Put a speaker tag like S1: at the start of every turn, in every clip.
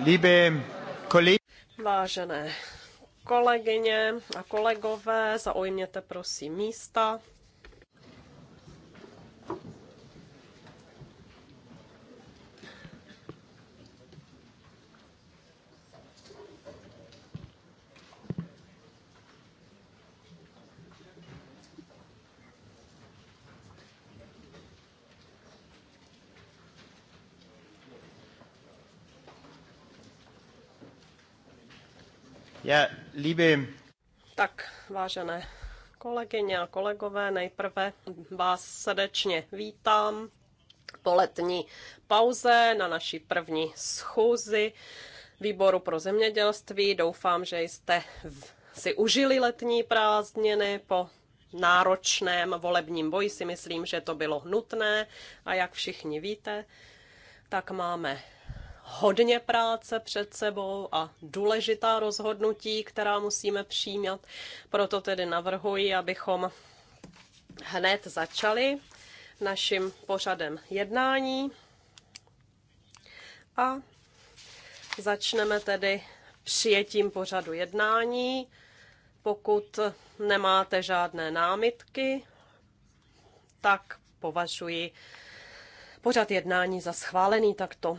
S1: Liebe kolegy...
S2: Vážené kolegyně a kolegové, zaujměte prosím místa. liebe... Tak, vážené kolegyně a kolegové, nejprve vás srdečně vítám po letní pauze na naší první schůzi výboru pro zemědělství. Doufám, že jste si užili letní prázdniny po náročném volebním boji. Si myslím, že to bylo nutné a jak všichni víte, tak máme hodně práce před sebou a důležitá rozhodnutí, která musíme přijímat. Proto tedy navrhuji, abychom hned začali naším pořadem jednání. A začneme tedy přijetím pořadu jednání. Pokud nemáte žádné námitky, tak považuji pořad jednání za schválený takto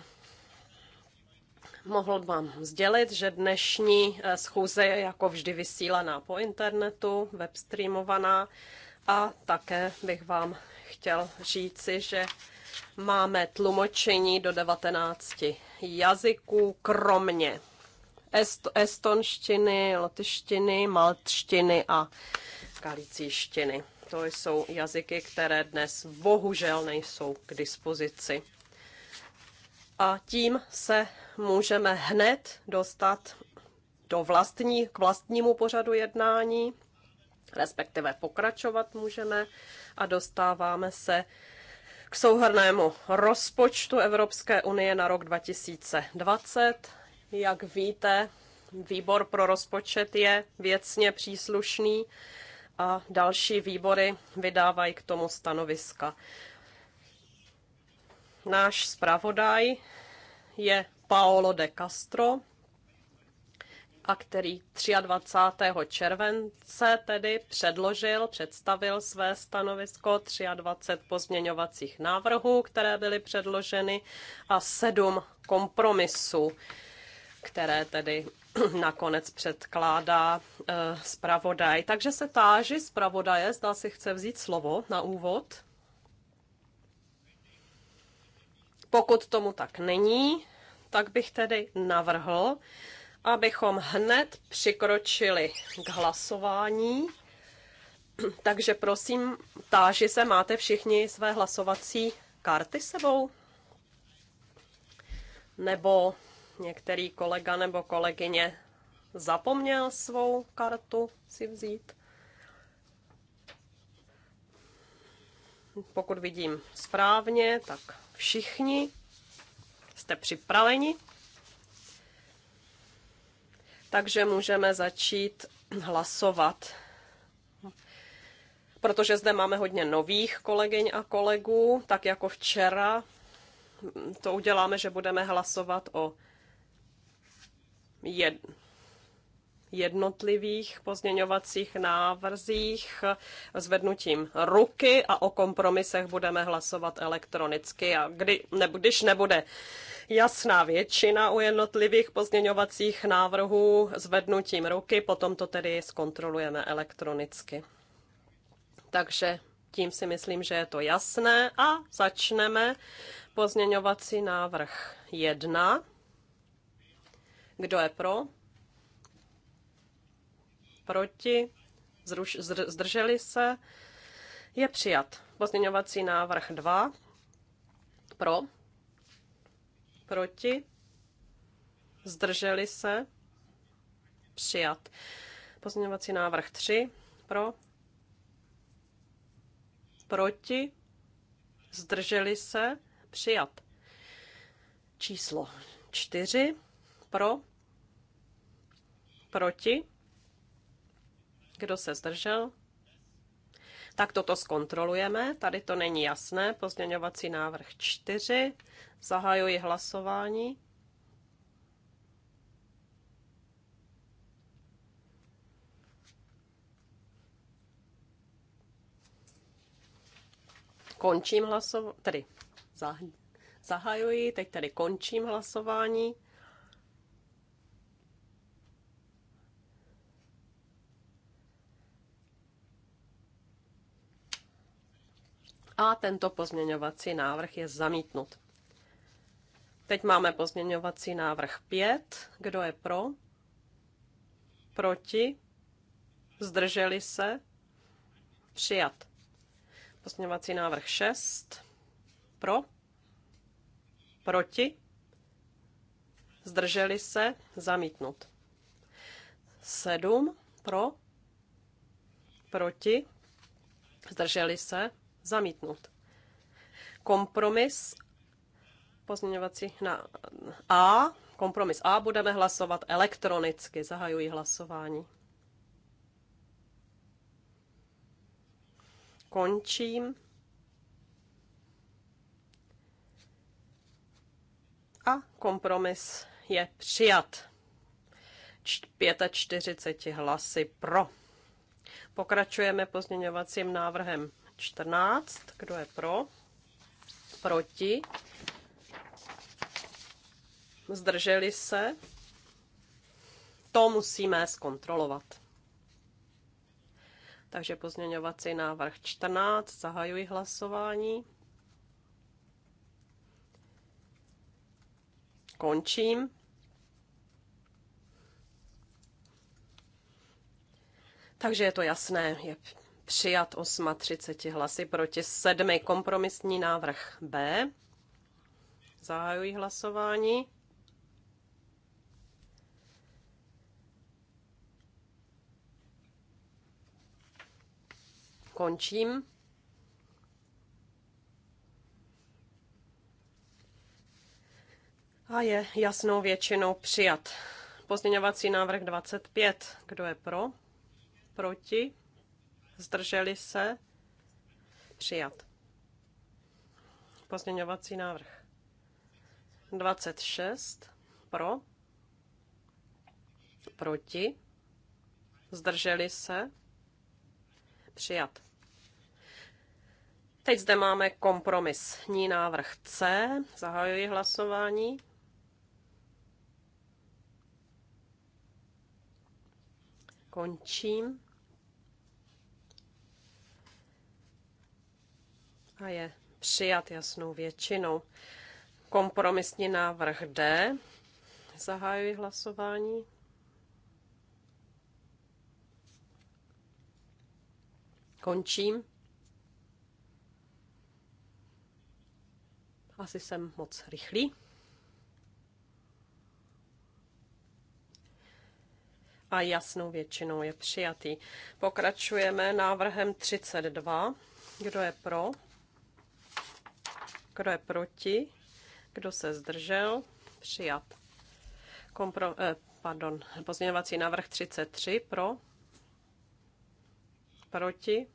S2: mohl vám sdělit, že dnešní eh, schůze je jako vždy vysílaná po internetu, webstreamovaná a také bych vám chtěl říci, že máme tlumočení do 19 jazyků, kromě est- estonštiny, lotyštiny, maltštiny a galicíštiny. To jsou jazyky, které dnes bohužel nejsou k dispozici. A tím se můžeme hned dostat do vlastní, k vlastnímu pořadu jednání, respektive pokračovat můžeme a dostáváme se k souhrnému rozpočtu Evropské unie na rok 2020. Jak víte, výbor pro rozpočet je věcně příslušný a další výbory vydávají k tomu stanoviska. Náš zpravodaj je Paolo de Castro, a který 23. července tedy předložil, představil své stanovisko 23 pozměňovacích návrhů, které byly předloženy a sedm kompromisů, které tedy nakonec předkládá eh, zpravodaj. Takže se táži zpravodaje, zda si chce vzít slovo na úvod. Pokud tomu tak není, tak bych tedy navrhl, abychom hned přikročili k hlasování. Takže prosím, táži se, máte všichni své hlasovací karty sebou? Nebo některý kolega nebo kolegyně zapomněl svou kartu si vzít? Pokud vidím správně, tak všichni Jste připraveni? Takže můžeme začít hlasovat. Protože zde máme hodně nových kolegyň a kolegů, tak jako včera to uděláme, že budeme hlasovat o jed, jednotlivých pozměňovacích návrzích zvednutím ruky a o kompromisech budeme hlasovat elektronicky. A kdy, ne, když nebude jasná většina u jednotlivých pozměňovacích návrhů zvednutím ruky, potom to tedy zkontrolujeme elektronicky. Takže tím si myslím, že je to jasné a začneme pozměňovací návrh 1. Kdo je pro? proti, zruš, zdrželi se, je přijat. Pozměňovací návrh 2, pro, proti, zdrželi se, přijat. Pozměňovací návrh 3, pro, proti, zdrželi se, přijat. Číslo 4, pro, proti, kdo se zdržel? Tak toto zkontrolujeme. Tady to není jasné. Pozměňovací návrh 4. Zahajuji hlasování. Končím hlasování, tedy zahajuji, teď tady končím hlasování. A tento pozměňovací návrh je zamítnut. Teď máme pozměňovací návrh 5. Kdo je pro? Proti? Zdrželi se? Přijat. Pozměňovací návrh 6. Pro? Proti? Zdrželi se? Zamítnut. 7. Pro? Proti? Zdrželi se? Zamítnut. Kompromis pozměňovací na A. Kompromis A budeme hlasovat elektronicky. Zahajuji hlasování. Končím. A kompromis je přijat. 45 hlasy pro. Pokračujeme pozměňovacím návrhem 14. Kdo je pro? Proti? Zdrželi se? To musíme zkontrolovat. Takže pozměňovací návrh 14. Zahajuji hlasování. Končím. Takže je to jasné, je Přijat 38 hlasy proti 7. Kompromisní návrh B. Zahajuji hlasování. Končím. A je jasnou většinou přijat. Pozměňovací návrh 25. Kdo je pro? Proti? zdrželi se, přijat. Pozměňovací návrh 26 pro, proti, zdrželi se, přijat. Teď zde máme kompromisní návrh C. Zahajuji hlasování. Končím. a je přijat jasnou většinou. Kompromisní návrh D. Zahajuji hlasování. Končím. Asi jsem moc rychlý. A jasnou většinou je přijatý. Pokračujeme návrhem 32. Kdo je pro? Kdo je proti? Kdo se zdržel? Přijat. Kompro, eh, pardon, pozměňovací návrh 33 pro. Proti?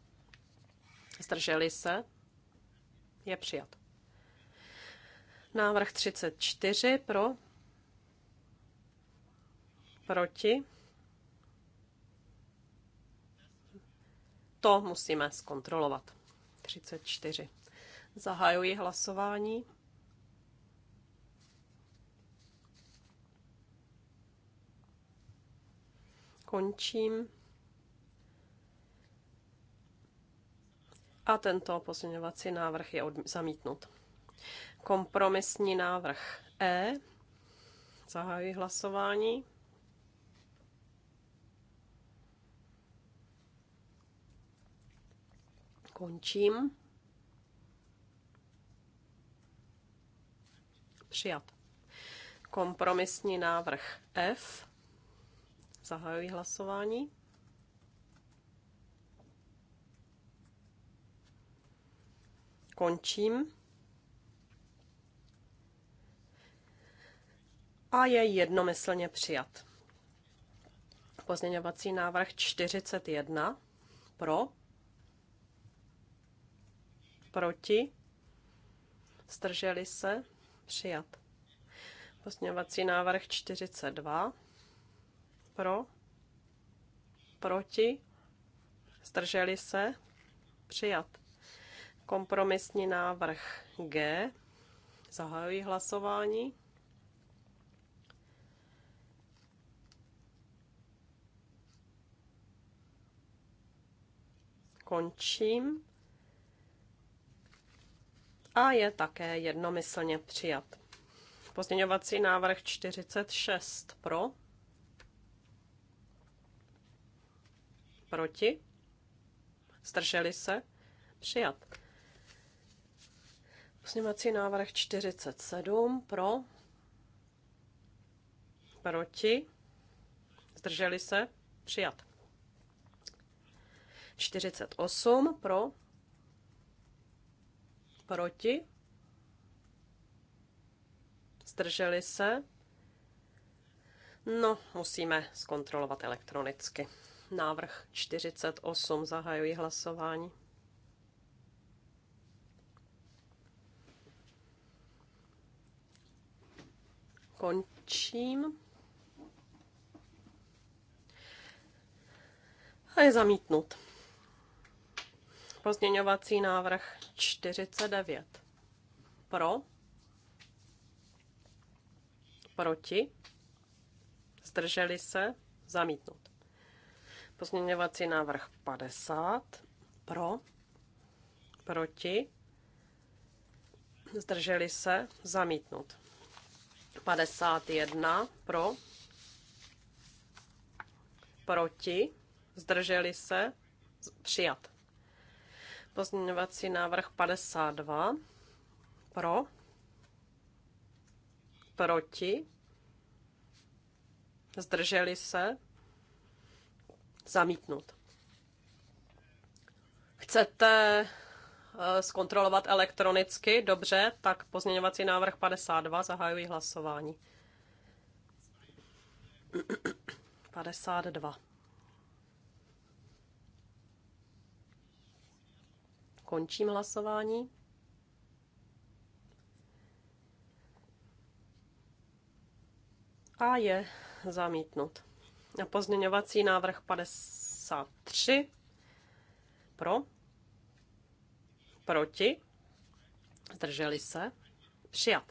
S2: Zdrželi se? Je přijat. Návrh 34 pro. Proti? To musíme zkontrolovat. 34. Zahajuji hlasování. Končím. A tento pozměňovací návrh je od, zamítnut. Kompromisní návrh E. Zahajuji hlasování. Končím. Přijat. Kompromisní návrh F. Zahajuji hlasování. Končím. A je jednomyslně přijat. Pozměňovací návrh 41 pro, proti, strželi se, Přijat. Pozměňovací návrh 42. Pro. Proti. Zdrželi se. Přijat. Kompromisní návrh G. Zahajují hlasování. Končím a je také jednomyslně přijat. Pozměňovací návrh 46 pro, proti, zdrželi se, přijat. Pozměňovací návrh 47 pro, proti, zdrželi se, přijat. 48 pro, Proti? Zdrželi se? No, musíme zkontrolovat elektronicky. Návrh 48 zahajuji hlasování. Končím. A je
S1: zamítnut.
S2: Pozměňovací návrh 49. Pro. Proti. Zdrželi se. Zamítnut. Pozměňovací návrh 50. Pro. Proti. Zdrželi se. Zamítnut. 51. Pro. Proti. Zdrželi se. Přijat. Pozměňovací návrh 52. Pro. Proti. Zdrželi se. Zamítnut. Chcete eh, zkontrolovat elektronicky? Dobře, tak pozměňovací návrh 52. Zahajuji hlasování. 52. Končím hlasování. A je zamítnut. A pozměňovací návrh 53 pro, proti, zdrželi se, přijat.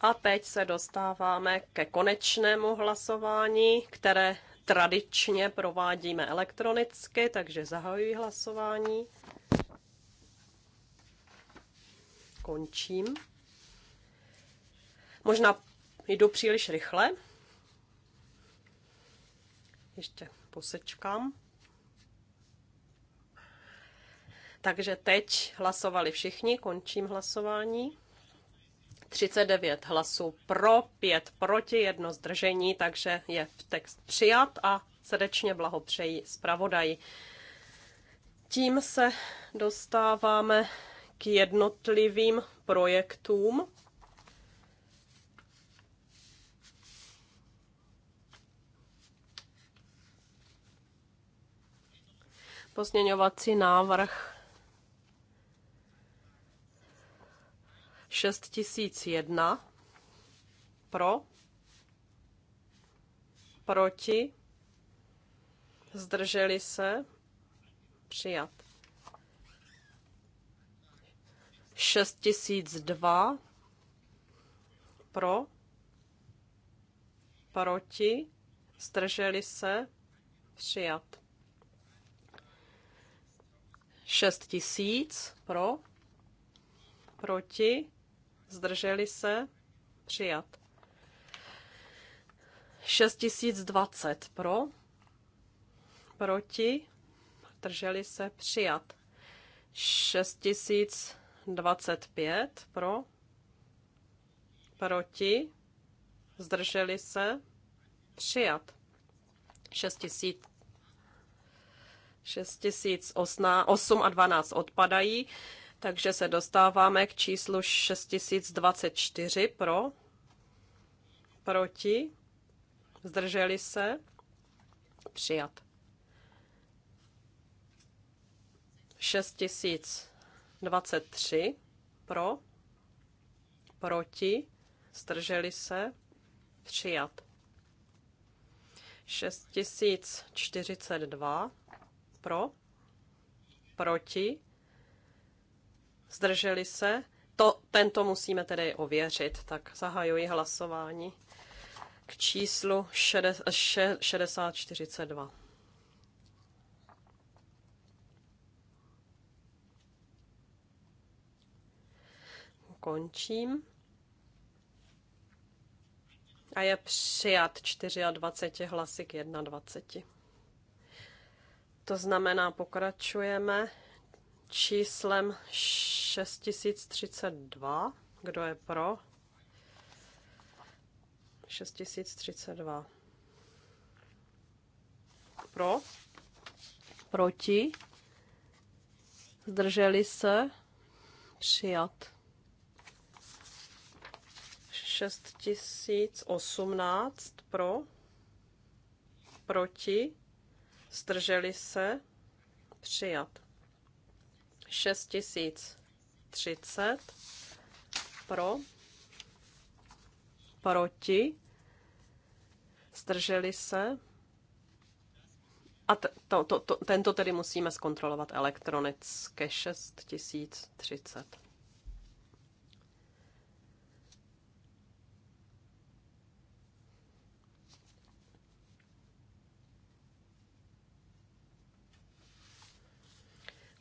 S2: A teď se dostáváme ke konečnému hlasování, které tradičně provádíme elektronicky, takže zahajuji hlasování. končím. Možná jdu příliš rychle. Ještě posečkám. Takže teď hlasovali všichni, končím hlasování. 39 hlasů pro, 5 proti, jedno zdržení, takže je v text přijat a srdečně blahopřeji zpravodaji. Tím se dostáváme k jednotlivým projektům. Pozměňovací návrh 6001 pro, proti, zdrželi se, přijat. 6002 pro, proti, zdrželi se, přijat. 6000 pro, proti, zdrželi se, přijat. 6020 pro, proti, drželi se, přijat. 6000 25 pro, proti, zdrželi se, přijat. 6000. 6008 a 12 odpadají, takže se dostáváme k číslu 6024 pro, proti, zdrželi se, přijat. 6000 23 pro, proti, zdrželi se, přijat. 6042 pro, proti, zdrželi se. To, tento musíme tedy ověřit, tak zahajuji hlasování k číslu 6042. končím. A je přijat 24 hlasy k 21. To znamená, pokračujeme číslem 6032. Kdo je pro? 6032. Pro? Proti? Zdrželi se? Přijat. 6018 pro, proti, zdrželi se, přijat. 6030 pro, proti, zdrželi se. A to, to, to, tento tedy musíme zkontrolovat elektronicky 6030.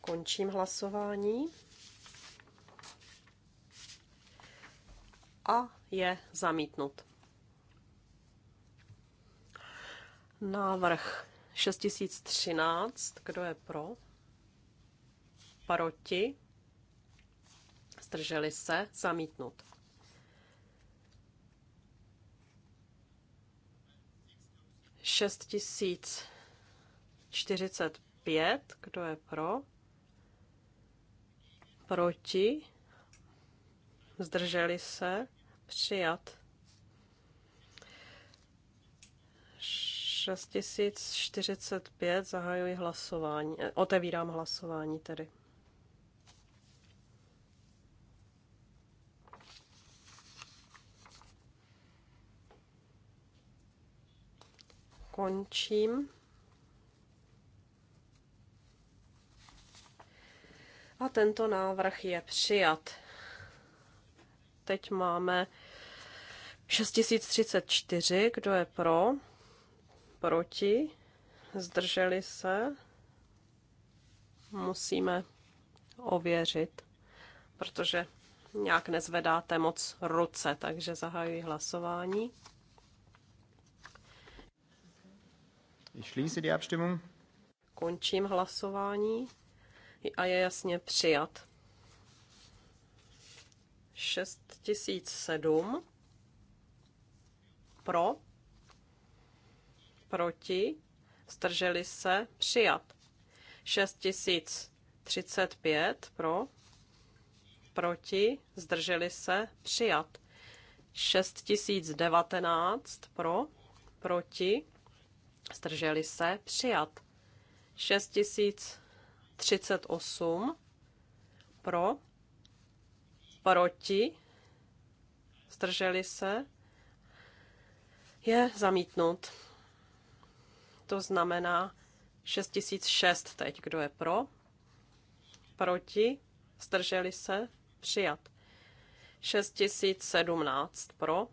S2: Končím hlasování. A je zamítnut. Návrh 6013. Kdo je pro? Proti? Zdrželi se? Zamítnut. Šest tisíc čtyřicet pět. Kdo je pro? proti, zdrželi se, přijat. 6045 zahajuji hlasování, eh, otevírám hlasování tedy. Končím. A tento návrh je přijat. Teď máme 6034, kdo je pro, proti, zdrželi se, musíme ověřit, protože nějak nezvedáte moc ruce, takže zahajuji hlasování.
S1: Ich schließe die Abstimmung.
S2: Končím hlasování a je jasně přijat. 6007 pro, proti, strželi se, přijat. 6035 pro, proti, zdrželi se, přijat. 6019 pro, proti, zdrželi se, přijat. 6000 38 pro, proti, zdrželi se, je zamítnut. To znamená 6006 teď, kdo je pro, proti, zdrželi se, přijat. 6017 pro,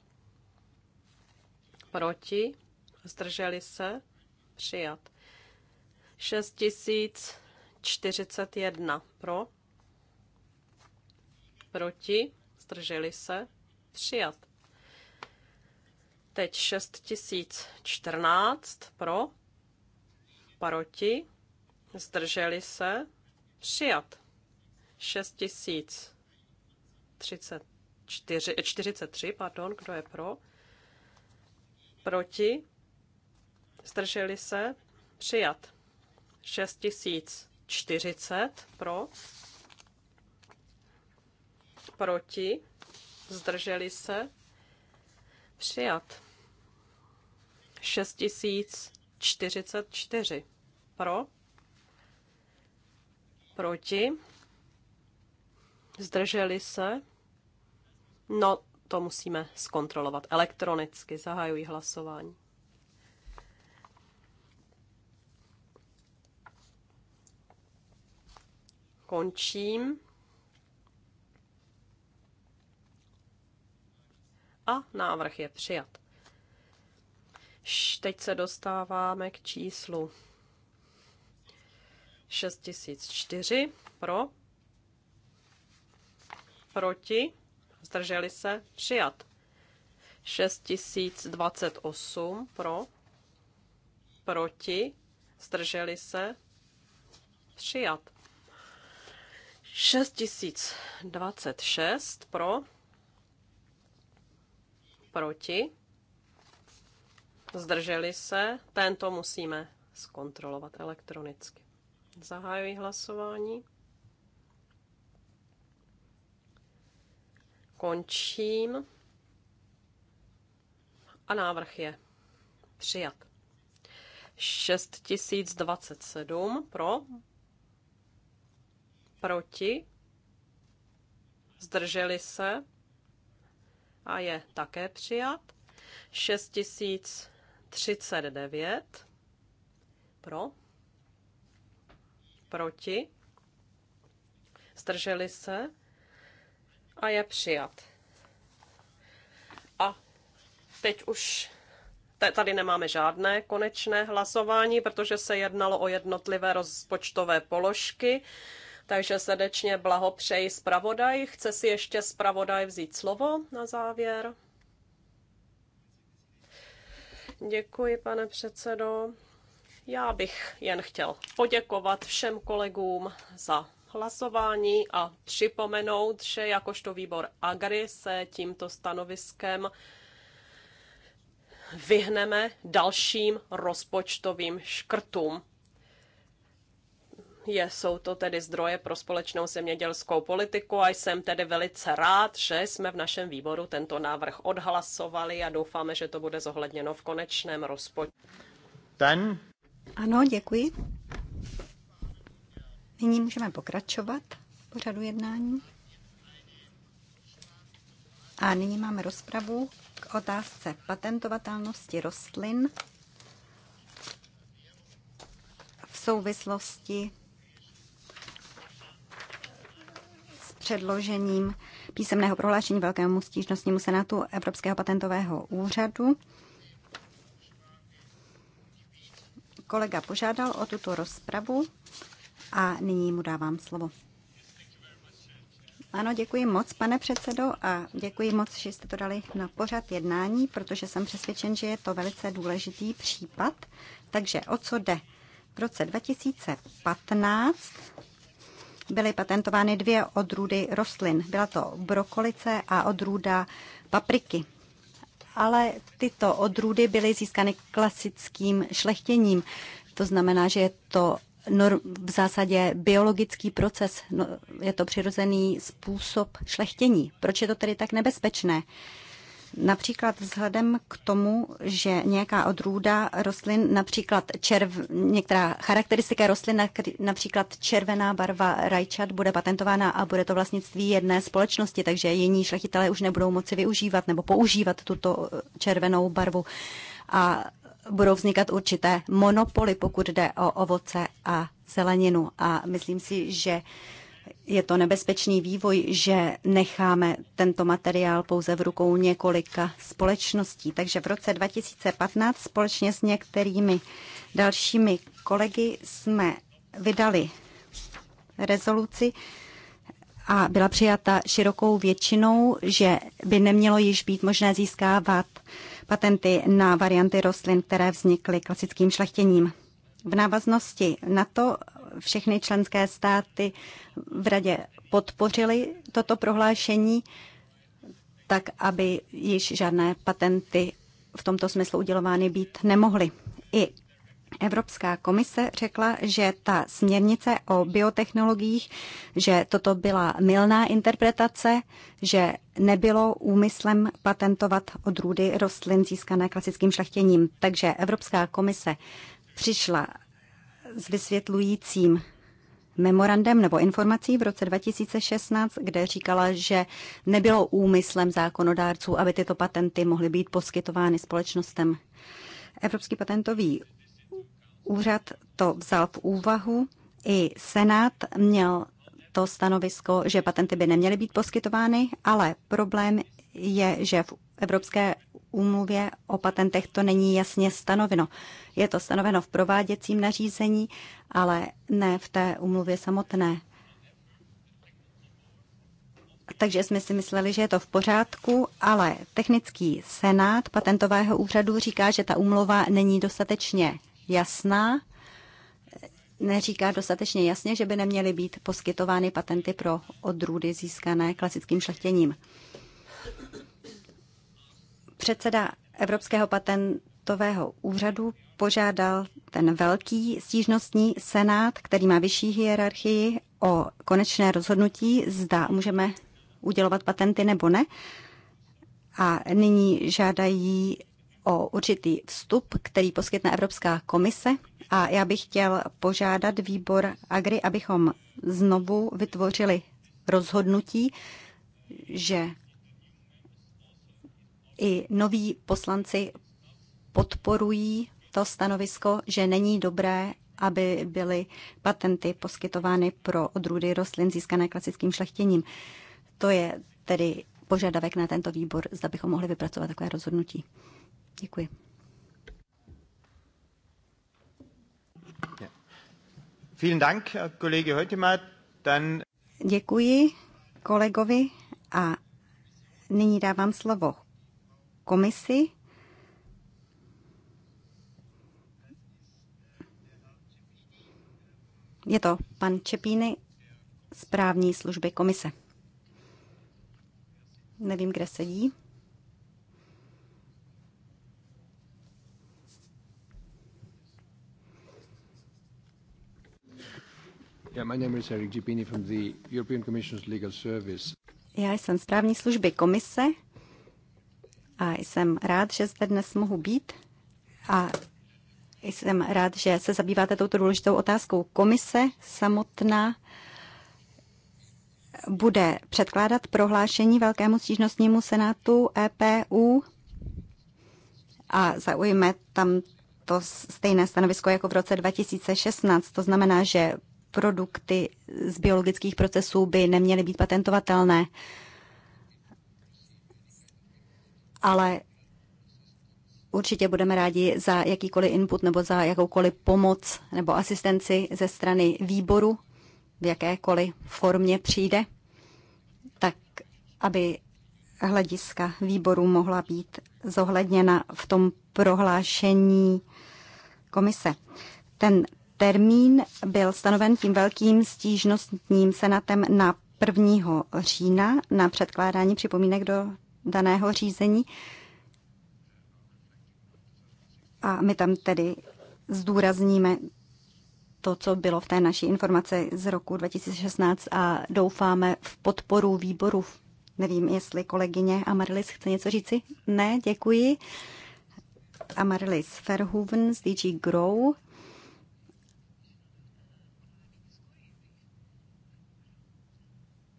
S2: proti, zdrželi se, přijat. 6000 41 pro, proti, zdrželi se, přijat. Teď 6014 pro, proti, zdrželi se, přijat. 6043, pardon, kdo je pro, proti, zdrželi se, přijat. 6000 40 pro, proti, zdrželi se, přijat. 6044 pro, proti, zdrželi se. No, to musíme zkontrolovat elektronicky. zahajují hlasování. končím. A návrh je přijat. Teď se dostáváme k číslu 6004 pro, proti, zdrželi se, přijat. 6028 pro, proti, zdrželi se, přijat. 6026 pro, proti, zdrželi se, tento musíme zkontrolovat elektronicky. Zahajuji hlasování. Končím. A návrh je přijat. 6027 pro, proti, zdrželi se a je také přijat. 6039 pro, proti, zdrželi se a je přijat. A teď už tady nemáme žádné konečné hlasování, protože se jednalo o jednotlivé rozpočtové položky. Takže srdečně blahopřeji zpravodaj. Chce si ještě zpravodaj vzít slovo na závěr? Děkuji, pane předsedo. Já bych jen chtěl poděkovat všem kolegům za hlasování a připomenout, že jakožto výbor Agri se tímto stanoviskem vyhneme dalším rozpočtovým škrtům je, jsou to tedy zdroje pro společnou zemědělskou politiku a jsem tedy velice rád, že jsme v našem výboru tento návrh odhlasovali a doufáme, že to bude zohledněno v konečném rozpočtu.
S1: Ten?
S3: Ano, děkuji. Nyní můžeme pokračovat v pořadu jednání. A nyní máme rozpravu k otázce patentovatelnosti rostlin v souvislosti předložením písemného prohlášení Velkému stížnostnímu senátu Evropského patentového úřadu. Kolega požádal o tuto rozpravu a nyní mu dávám slovo. Ano, děkuji moc, pane předsedo, a děkuji moc, že jste to dali na pořad jednání, protože jsem přesvědčen, že je to velice důležitý případ. Takže o co jde? V roce 2015 byly patentovány dvě odrůdy rostlin. Byla to brokolice a odrůda papriky. Ale tyto odrůdy byly získány klasickým šlechtěním. To znamená, že je to v zásadě biologický proces, no, je to přirozený způsob šlechtění. Proč je to tedy tak nebezpečné? Například vzhledem k tomu, že nějaká odrůda rostlin, například červ, některá charakteristika rostlin, například červená barva rajčat, bude patentována a bude to vlastnictví jedné společnosti, takže jiní šlechitelé už nebudou moci využívat nebo používat tuto eh, červenou barvu. A budou vznikat určité monopoly, pokud jde o ovoce a zeleninu. A myslím si, že je to nebezpečný vývoj, že necháme tento materiál pouze v rukou několika společností. Takže v roce 2015 společně s některými dalšími kolegy jsme vydali rezoluci a byla přijata širokou většinou, že by nemělo již být možné získávat patenty na varianty rostlin, které vznikly klasickým šlechtěním. V návaznosti na to všechny členské státy v radě podpořili toto prohlášení, tak aby již žádné patenty v tomto smyslu udělovány být nemohly. I Evropská komise řekla, že ta směrnice o biotechnologiích, že toto byla milná interpretace, že nebylo úmyslem patentovat odrůdy rostlin získané klasickým šlechtěním. Takže Evropská komise přišla s vysvětlujícím memorandem nebo informací v roce 2016, kde říkala, že nebylo úmyslem zákonodárců, aby tyto patenty mohly být poskytovány společnostem. Evropský patentový úřad to vzal v úvahu, i Senát měl to stanovisko, že patenty by neměly být poskytovány, ale problém je, že v Evropské úmluvě o patentech to není jasně stanoveno. Je to stanoveno v prováděcím nařízení, ale ne v té úmluvě samotné. Takže jsme si mysleli, že je to v pořádku, ale technický senát patentového úřadu říká, že ta úmluva není dostatečně jasná, neříká dostatečně jasně, že by neměly být poskytovány patenty pro odrůdy získané klasickým šlechtěním. Předseda Evropského patentového úřadu požádal ten velký stížnostní senát, který má vyšší hierarchii, o konečné rozhodnutí, zda můžeme udělovat patenty nebo ne. A nyní žádají o určitý vstup, který poskytne Evropská komise. A já bych chtěl požádat výbor Agri, abychom znovu vytvořili rozhodnutí, že i noví poslanci podporují to stanovisko, že není dobré, aby byly patenty poskytovány pro odrůdy rostlin získané klasickým šlechtěním. To je tedy požadavek na tento výbor, zda bychom mohli vypracovat takové rozhodnutí. Děkuji.
S1: Vielen Dank, kolege Dann...
S3: Děkuji kolegovi a nyní dávám slovo komisi. Je to pan Čepíny z právní služby komise. Nevím, kde sedí. Já jsem z právní služby komise a jsem rád, že zde dnes mohu být a jsem rád, že se zabýváte touto důležitou otázkou. Komise samotná bude předkládat prohlášení Velkému stížnostnímu senátu EPU a zaujme tam to stejné stanovisko jako v roce 2016. To znamená, že produkty z biologických procesů by neměly být patentovatelné ale určitě budeme rádi za jakýkoliv input nebo za jakoukoliv pomoc nebo asistenci ze strany výboru v jakékoliv formě přijde, tak aby hlediska výboru mohla být zohledněna v tom prohlášení komise. Ten termín byl stanoven tím velkým stížnostním senatem na 1. října na předkládání připomínek do daného řízení. A my tam tedy zdůrazníme to, co bylo v té naší informaci z roku 2016 a doufáme v podporu výboru. Nevím, jestli kolegyně Amarilis chce něco říci. Ne, děkuji. Amarilis Verhoeven z DG Grow.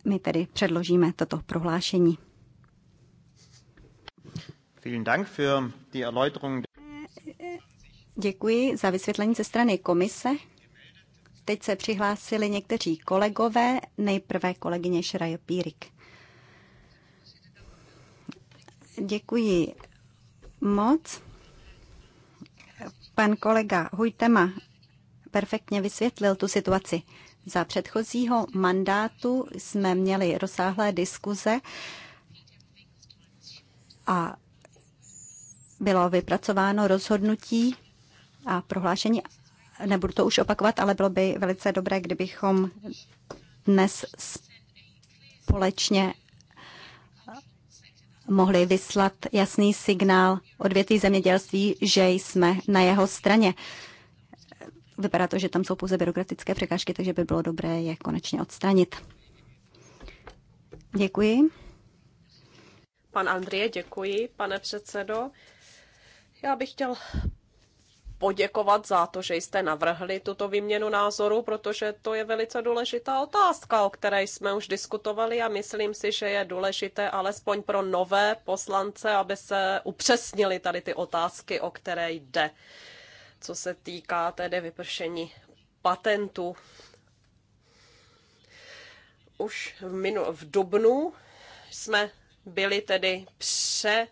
S3: My tedy předložíme toto prohlášení. Děkuji za vysvětlení ze strany komise. Teď se přihlásili někteří kolegové, nejprve kolegyně Šraje Pírik. Děkuji moc. Pan kolega Hujtema perfektně vysvětlil tu situaci. Za předchozího mandátu jsme měli rozsáhlé diskuze a bylo vypracováno rozhodnutí a prohlášení. Nebudu to už opakovat, ale bylo by velice dobré, kdybychom dnes společně mohli vyslat jasný signál odvětví zemědělství, že jsme na jeho straně. Vypadá to, že tam jsou pouze byrokratické překážky, takže by bylo dobré je konečně odstranit. Děkuji.
S2: Pan Andrie, děkuji, pane předsedo. Já bych chtěl poděkovat za to, že jste navrhli tuto výměnu názoru, protože to je velice důležitá otázka, o které jsme už diskutovali a myslím si, že je důležité alespoň pro nové poslance, aby se upřesnili tady ty otázky, o které jde, co se týká tedy vypršení patentu. Už v, minu- v dubnu jsme byli tedy pře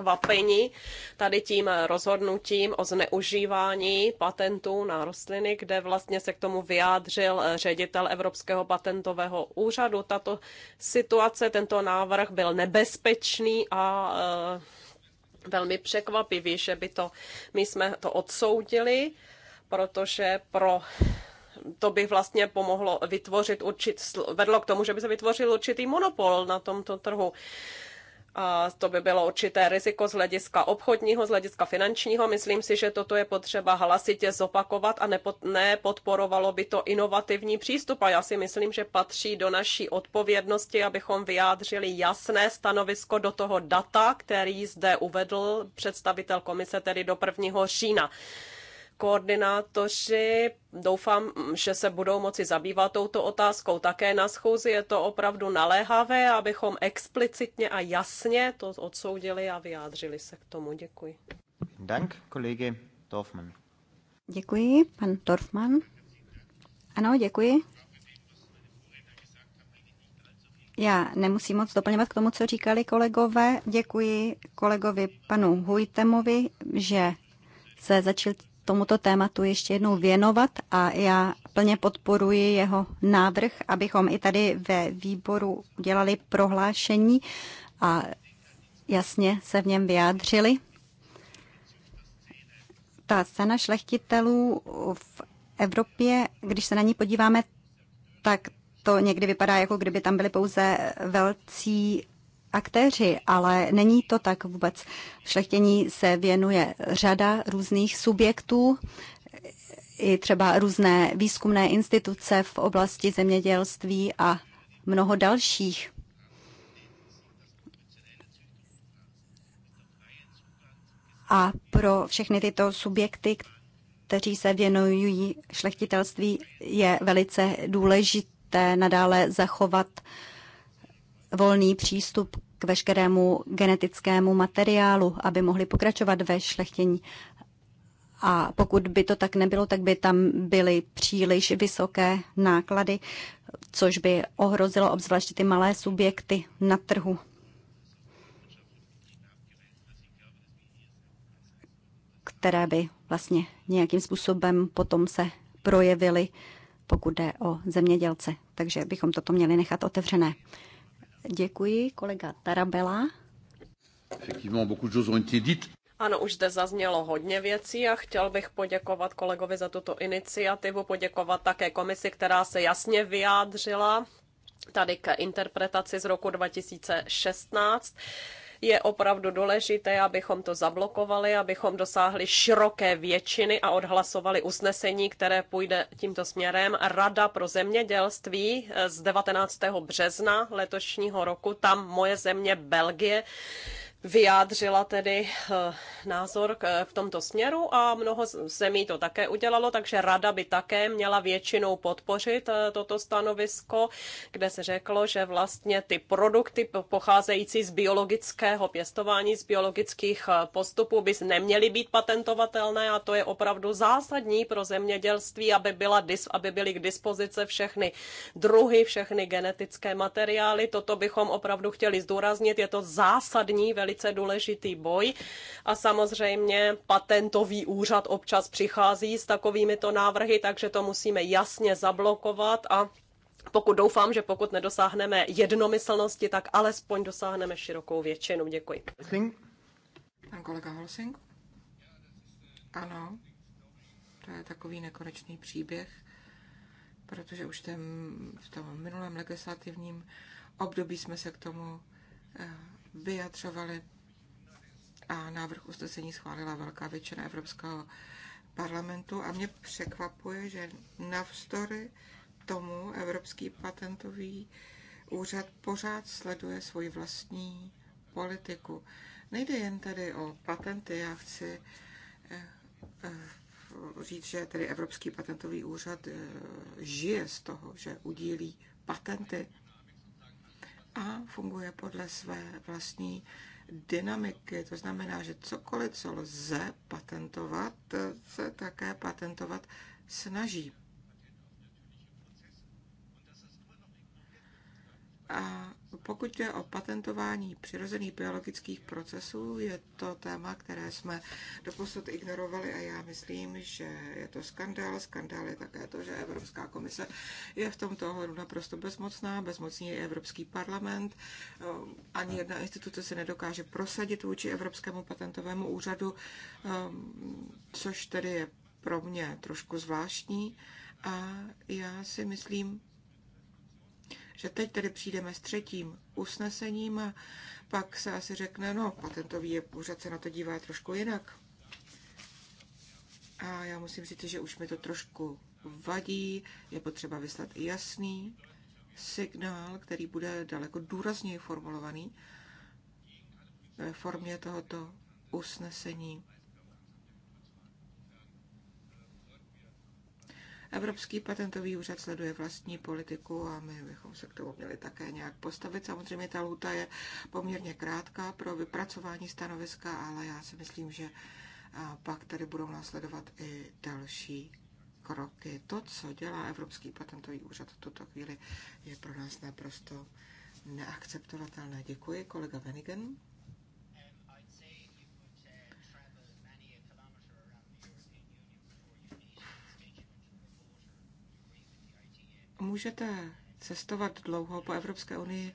S2: překvapeni tady tím rozhodnutím o zneužívání patentů na rostliny, kde vlastně se k tomu vyjádřil eh, ředitel Evropského patentového úřadu. Tato situace, tento návrh byl nebezpečný a eh, velmi překvapivý, že by to, my jsme to odsoudili, protože pro to by vlastně pomohlo vytvořit určit, vedlo k tomu, že by se vytvořil určitý monopol na tomto trhu to by bylo určité riziko z hlediska obchodního, z hlediska finančního. Myslím si, že toto je potřeba hlasitě zopakovat a nepodporovalo by to inovativní přístup. A já si myslím, že patří do naší odpovědnosti, abychom vyjádřili jasné stanovisko do toho data, který zde uvedl představitel komise, tedy do 1. října koordinátoři doufám, že se budou moci zabývat touto otázkou také na schůzi. Je to opravdu naléhavé, abychom explicitně a jasně to odsoudili a vyjádřili
S3: se k tomu. Děkuji.
S1: Dank, kolegy Dorfman.
S3: Děkuji, pan Dorfman. Ano, děkuji. Já nemusím moc doplňovat k tomu, co říkali kolegové. Děkuji kolegovi panu Hujtemovi, že se začal tomuto tématu ještě jednou věnovat a já plně podporuji jeho návrh, abychom i tady ve výboru udělali prohlášení a jasně se v něm vyjádřili. Ta cena šlechtitelů v Evropě, když se na ní podíváme, tak to někdy vypadá, jako kdyby tam byli pouze velcí aktéři, ale není to tak vůbec. Šlechtění se věnuje řada různých subjektů, i třeba různé výzkumné instituce v oblasti zemědělství a mnoho dalších. A pro všechny tyto subjekty, kteří se věnují šlechtitelství, je velice důležité nadále zachovat uh, volný přístup k veškerému genetickému materiálu, aby mohli pokračovat ve šlechtění. A pokud by to tak nebylo, tak by tam byly příliš vysoké náklady, což by ohrozilo obzvláště ty malé subjekty na trhu. které by vlastně nějakým způsobem potom se projevily, pokud jde o zemědělce. Takže bychom toto měli nechat otevřené. Děkuji, kolega Tarabela.
S2: Ano, už zde zaznělo hodně věcí a chtěl bych poděkovat kolegovi za tuto iniciativu, poděkovat také komisi, která se jasně vyjádřila tady k interpretaci z roku 2016 je opravdu důležité, abychom to zablokovali, abychom dosáhli široké většiny a odhlasovali usnesení, které půjde tímto směrem. Rada pro zemědělství eh, z 19. března letošního roku, tam moje země Belgie vyjádřila tedy eh, názor v tomto směru a mnoho zemí to také udělalo, takže rada by také měla většinou podpořit eh, toto stanovisko, kde se řeklo, že vlastně ty produkty pocházející z biologického pěstování, z biologických eh, postupů by neměly být patentovatelné a to je opravdu zásadní pro zemědělství, aby, byla, aby byly k dispozici všechny druhy, všechny genetické materiály. Toto bychom opravdu chtěli zdůraznit, je to zásadní, velmi velice důležitý boj a samozřejmě patentový úřad občas přichází s takovými to návrhy, takže to musíme jasně zablokovat a pokud doufám, že pokud nedosáhneme jednomyslnosti, tak alespoň dosáhneme širokou většinu. Děkuji.
S4: Pan kolega Holsing? Ano, to je takový nekonečný příběh, protože už ten, v tom minulém legislativním období jsme se k tomu eh, vyjadřovali a návrh usnesení schválila velká většina Evropského parlamentu a mě překvapuje, že navzdory tomu Evropský patentový úřad pořád sleduje svoji vlastní politiku. Nejde jen tedy o patenty, já chci eh, eh, říct, že tedy Evropský patentový úřad eh, žije z toho, že udílí patenty a funguje podle své vlastní dynamiky. To znamená, že cokoliv, co lze patentovat, se také patentovat snaží. A pokud jde o patentování přirozených biologických procesů, je to téma, které jsme doposud ignorovali a já myslím, že je to skandál. Skandál je také to, že Evropská komise je v tomto ohledu naprosto bezmocná, bezmocný je Evropský parlament. Eh, ani jedna instituce se nedokáže prosadit vůči Evropskému patentovému úřadu, eh, což tedy je pro mě trošku zvláštní. A já si myslím, že teď tedy přijdeme s třetím usnesením a pak se asi řekne, no, patentový je, pořád se na to dívá trošku jinak. A já musím říct, že už mi to trošku vadí, je potřeba vyslat jasný signál, který bude daleko důrazněji formulovaný ve formě tohoto usnesení Evropský patentový úřad sleduje vlastní politiku a my bychom se k tomu měli také nějak postavit. Samozřejmě ta lhuta je poměrně krátká pro vypracování stanoviska, ale já si myslím, že pak tady budou následovat i další kroky. To, co dělá Evropský patentový úřad v tuto chvíli, je pro nás naprosto neakceptovatelné. Děkuji, kolega Venigen. nemůžete cestovat dlouho po Evropské unii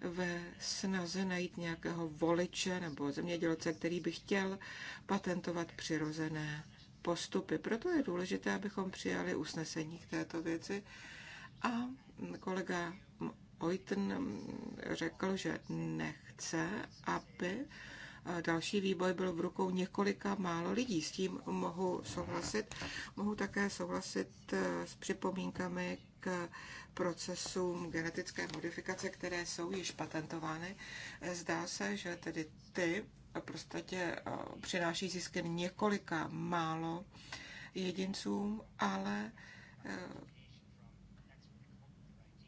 S4: ve snaze najít nějakého voliče nebo zemědělce, který by chtěl patentovat přirozené postupy. Proto je důležité, abychom přijali usnesení k této věci. A kolega Oitn řekl, že nechce, aby další výboj byl v rukou několika málo lidí. S tím mohu souhlasit. Mohu také souhlasit s připomínkami k procesům genetické modifikace, které jsou již patentovány. Zdá se, že tedy ty prostě přináší zisky několika málo jedincům, ale eh,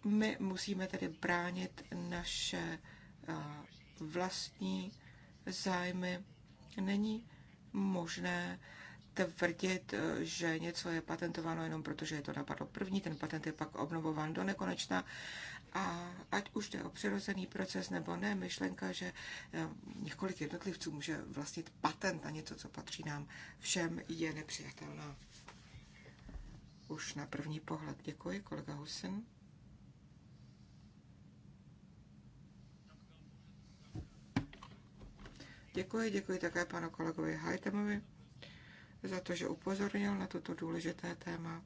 S4: my musíme tedy bránit naše eh, vlastní zájmy. Není možné tvrdit, eh, že něco je patentováno jenom proto, že je to napadlo první, ten patent je pak obnovován do nekonečna a ať už jde o přirozený proces nebo ne, myšlenka, že eh, několik jednotlivců může vlastnit patent na něco, co patří nám všem, je nepřijatelná. Už na první pohled. Děkuji, kolega Husin. Děkuji, děkuji také panu kolegovi Hajtemovi za to, že upozornil na toto důležité téma.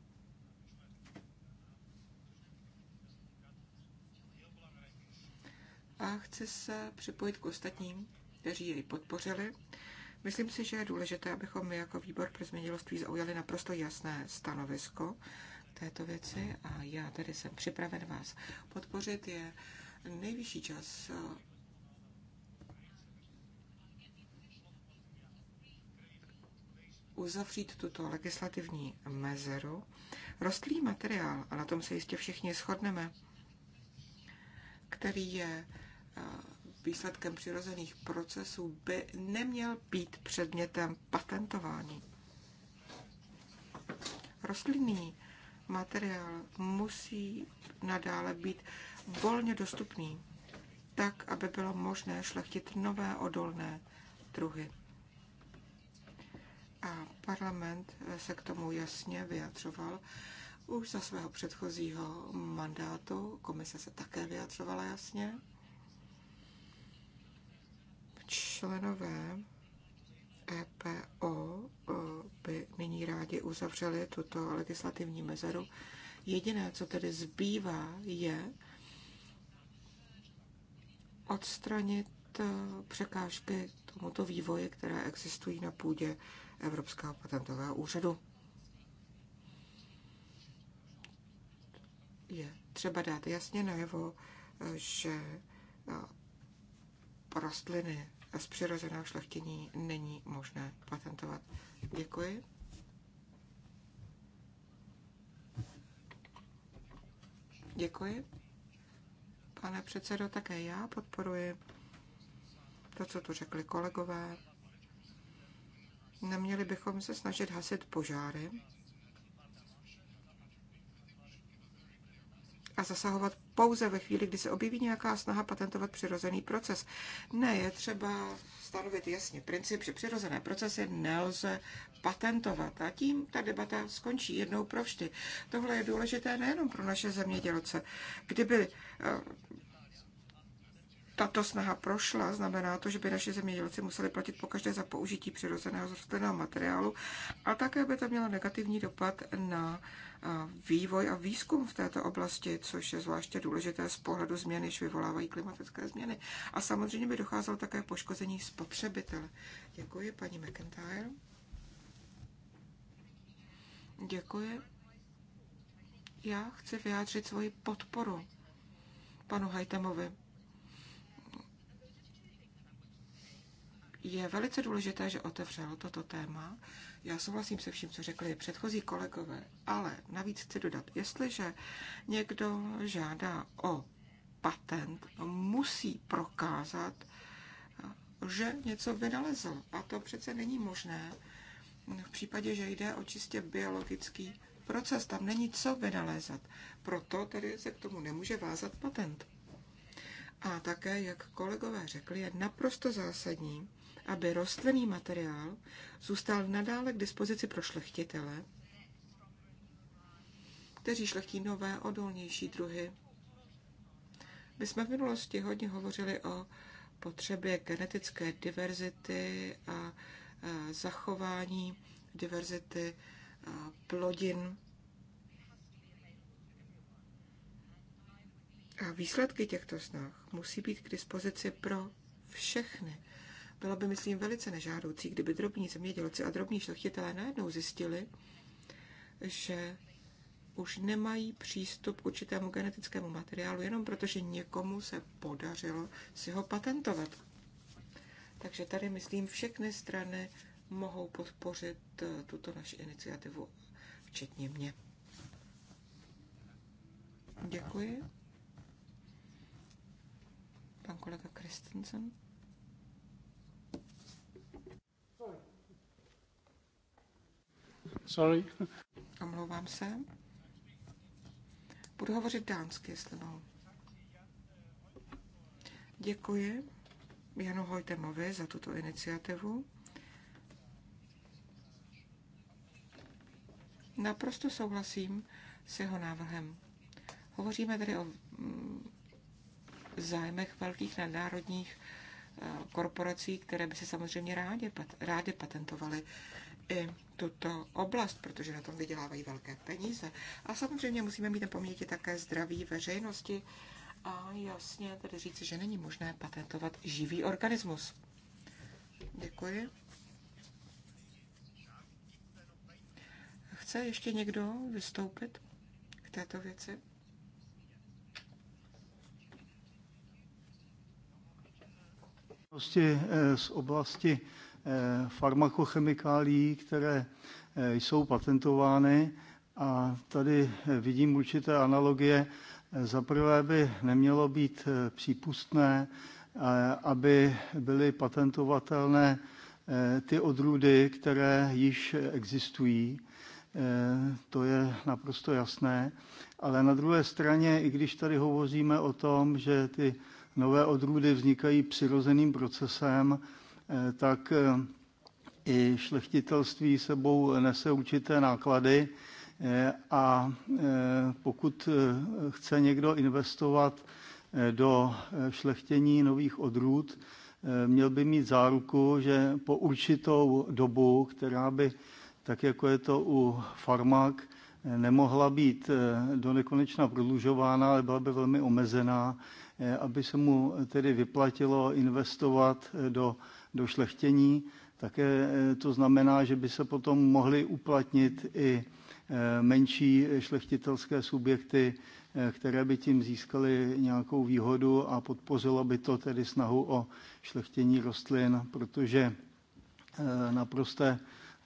S4: A chci se připojit k ostatním, kteří jej podpořili. Myslím si, že je důležité, abychom my jako výbor pro zemědělství zaujali naprosto jasné stanovisko této věci a já tedy jsem připraven vás podpořit. Je nejvyšší čas uzavřít tuto legislativní mezeru, rostlý materiál, a na tom se jistě všichni shodneme, který je eh, výsledkem přirozených procesů, by neměl být předmětem patentování. Rostlinný materiál musí nadále být volně dostupný, tak, aby bylo možné šlechtit nové odolné druhy a parlament eh, se k tomu jasně vyjadřoval. Už za svého předchozího mandátu komise se také vyjadřovala jasně. Členové EPO eh, by nyní rádi uzavřeli tuto legislativní mezeru. Jediné, co tedy zbývá, je odstranit eh, překážky tomuto vývoji, které existují na půdě Evropského patentového úřadu. Je třeba dát jasně najevo, že eh, rostliny z přirozeného šlechtění není možné patentovat. Děkuji. Děkuji. Pane předsedo, také já podporuji to, co tu řekli kolegové. Neměli bychom se snažit hasit požáry a zasahovat pouze ve chvíli, kdy se objeví nějaká snaha patentovat přirozený proces. Ne, je třeba stanovit jasně princip, že přirozené procesy nelze patentovat. A tím ta debata skončí jednou pro vždy. Tohle je důležité nejenom pro naše zemědělce. Kdyby eh, tato snaha prošla, znamená to, že by naši zemědělci museli platit pokaždé za použití přirozeného rostlinného materiálu a také by to mělo negativní dopad na vývoj a výzkum v této oblasti, což je zvláště důležité z pohledu změn, než vyvolávají klimatické změny. A samozřejmě by docházelo také poškození spotřebitele. Děkuji, paní McIntyre. Děkuji. Já chci vyjádřit svoji podporu panu Hajtemovi je velice důležité, že otevřel toto téma. Já souhlasím se vším, co řekli předchozí kolegové, ale navíc chci dodat, jestliže někdo žádá o patent, musí prokázat, že něco vynalezl. A to přece není možné v případě, že jde o čistě biologický proces. Tam není co vynalézat. Proto tedy se k tomu nemůže vázat patent. A také, jak kolegové řekli, je naprosto zásadní, aby rostlinný materiál zůstal nadále k dispozici pro šlechtitele, kteří šlechtí nové, odolnější druhy. My jsme v minulosti hodně hovořili o potřebě genetické diverzity a zachování diverzity plodin. A výsledky těchto snah musí být k dispozici pro všechny. Bylo by, myslím, velice nežádoucí, kdyby drobní zemědělci a drobní šlechtitelé najednou zjistili, že už nemají přístup k určitému genetickému materiálu, jenom protože někomu se podařilo si ho patentovat. Takže tady, myslím, všechny strany mohou podpořit eh, tuto naši iniciativu, včetně mě. Děkuji. Pan kolega Christensen. Sorry. Omlouvám se. Budu hovořit dánsky, jestli mohu. Děkuji Janu Hojtemovi za tuto iniciativu. Naprosto souhlasím s jeho návrhem. Hovoříme tedy o mm, zájmech velkých nadnárodních eh, korporací, které by se samozřejmě rádi, rádi patentovaly i tuto oblast, protože na tom vydělávají velké peníze. A samozřejmě musíme mít na paměti také zdraví veřejnosti a jasně tedy říci, že není možné patentovat živý organismus. Děkuji. Chce ještě někdo vystoupit k této věci?
S1: Prostě, eh, z oblasti Eh, farmakochemikálií, které eh, jsou patentovány. A tady eh, vidím určité analogie. Za prvé by nemělo být přípustné, aby byly patentovatelné ty odrůdy, které již existují. To je naprosto jasné. Ale na druhé straně, i když tady hovoříme o tom, že ty nové odrůdy vznikají přirozeným procesem, Eh, tak eh, i šlechtitelství sebou nese určité náklady eh, a pokud chce někdo investovat do šlechtění nových odrůd, měl by mít záruku, že po určitou dobu, která by, tak jako je to u farmak, nemohla být do nekonečna prodlužována, ale byla by velmi omezená, aby se mu tedy vyplatilo investovat do do šlechtění, také eh, to znamená, že by se potom mohly uplatnit i eh, menší šlechtitelské subjekty, eh, které by tím získaly nějakou výhodu a podpořilo by to tedy snahu o šlechtění rostlin, protože naprosté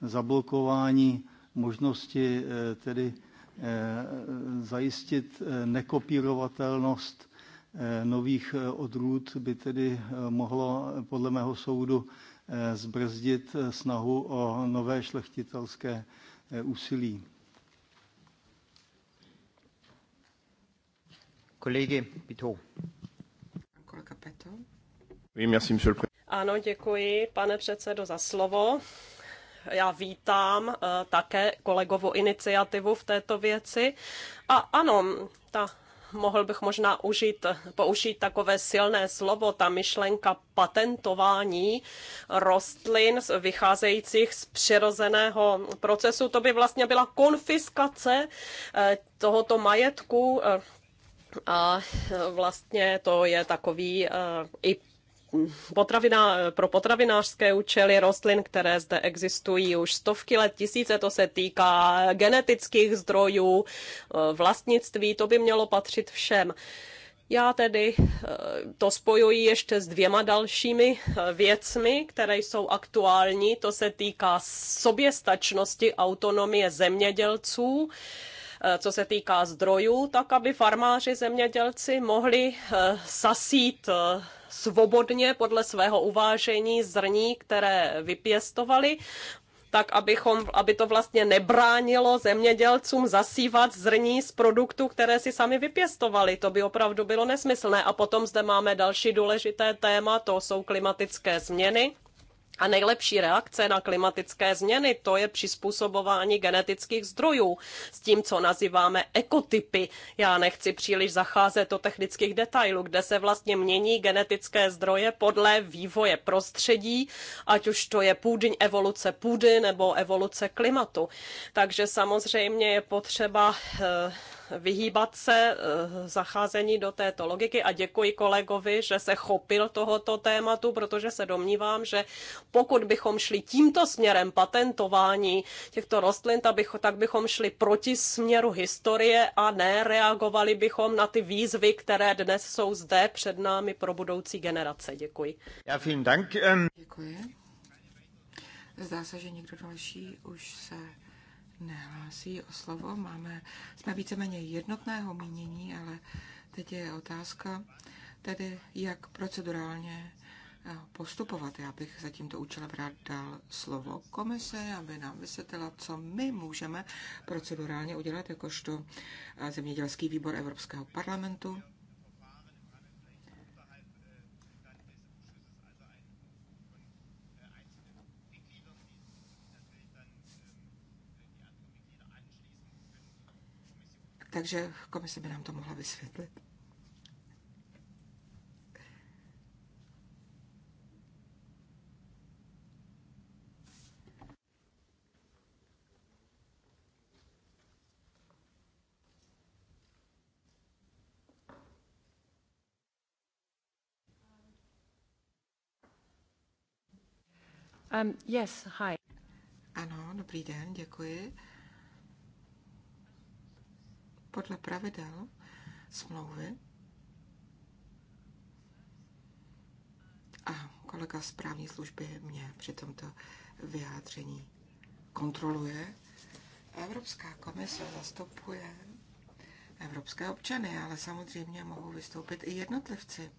S1: zablokování možnosti tedy zajistit nekopírovatelnost Eh, nových eh, odrůd by tedy eh, mohlo podle mého soudu zbrzdit snahu o nové šlechtitelské úsilí. Kolegy Pitou.
S2: Kolega Ano, děkuji, pane předsedo, za slovo. Já vítám také kolegovu iniciativu v této věci. A ano, ta mohl bych možná užít, použít takové silné slovo, ta myšlenka patentování rostlin vycházejících z přirozeného procesu. To by vlastně byla konfiskace eh, tohoto majetku, eh, a eh, vlastně to je takový i potravina, pro potravinářské účely rostlin, které zde existují už stovky let, tisíce, to se týká genetických zdrojů, eh, vlastnictví, to by mělo patřit všem. Já tedy eh, to spojuji ještě s dvěma dalšími eh, věcmi, které jsou aktuální. To se týká soběstačnosti, autonomie zemědělců Eh, co se týká zdrojů, tak aby farmáři, zemědělci mohli eh, sasít eh, svobodně podle svého uvážení zrní, které vypěstovali, tak abychom, aby to vlastně nebránilo zemědělcům zasívat zrní z produktů, které si sami vypěstovali. To by opravdu bylo nesmyslné. A potom zde máme další důležité téma, to jsou klimatické změny a nejlepší reakce na klimatické změny, to je přizpůsobování genetických zdrojů s tím, co nazýváme ekotypy. Já nechci příliš zacházet do technických detailů, kde se vlastně mění genetické zdroje podle vývoje prostředí, ať už to je půdň evoluce půdy nebo evoluce klimatu. Takže samozřejmě je potřeba eh, vyhýbat se eh, zacházení do této logiky a děkuji kolegovi, že se chopil tohoto tématu, protože se domnívám, že pokud bychom šli tímto směrem patentování těchto rostlin, tak bychom šli proti směru historie a nereagovali bychom na ty výzvy, které dnes jsou zde před námi pro budoucí generace. Děkuji.
S1: Já vielen Dank. Ähm, děkuji.
S2: Zdá se, že někdo další už se nehlásí o slovo. Máme,
S4: jsme víceméně jednotného mínění, ale teď je otázka tedy, jak procedurálně eh, postupovat. Já bych za tímto účelem rád dal slovo komise, aby nám vysvětlila, co my můžeme procedurálně udělat jakožto eh, zemědělský výbor Evropského parlamentu. Takže komise by nám to mohla vysvětlit.
S2: Um, yes,
S4: hi. Ano, dobrý den, děkuji podle pravidel smlouvy a kolega z právní služby mě při tomto vyjádření kontroluje. Evropská komise zastupuje evropské občany, ale samozřejmě mohou vystoupit i jednotlivci.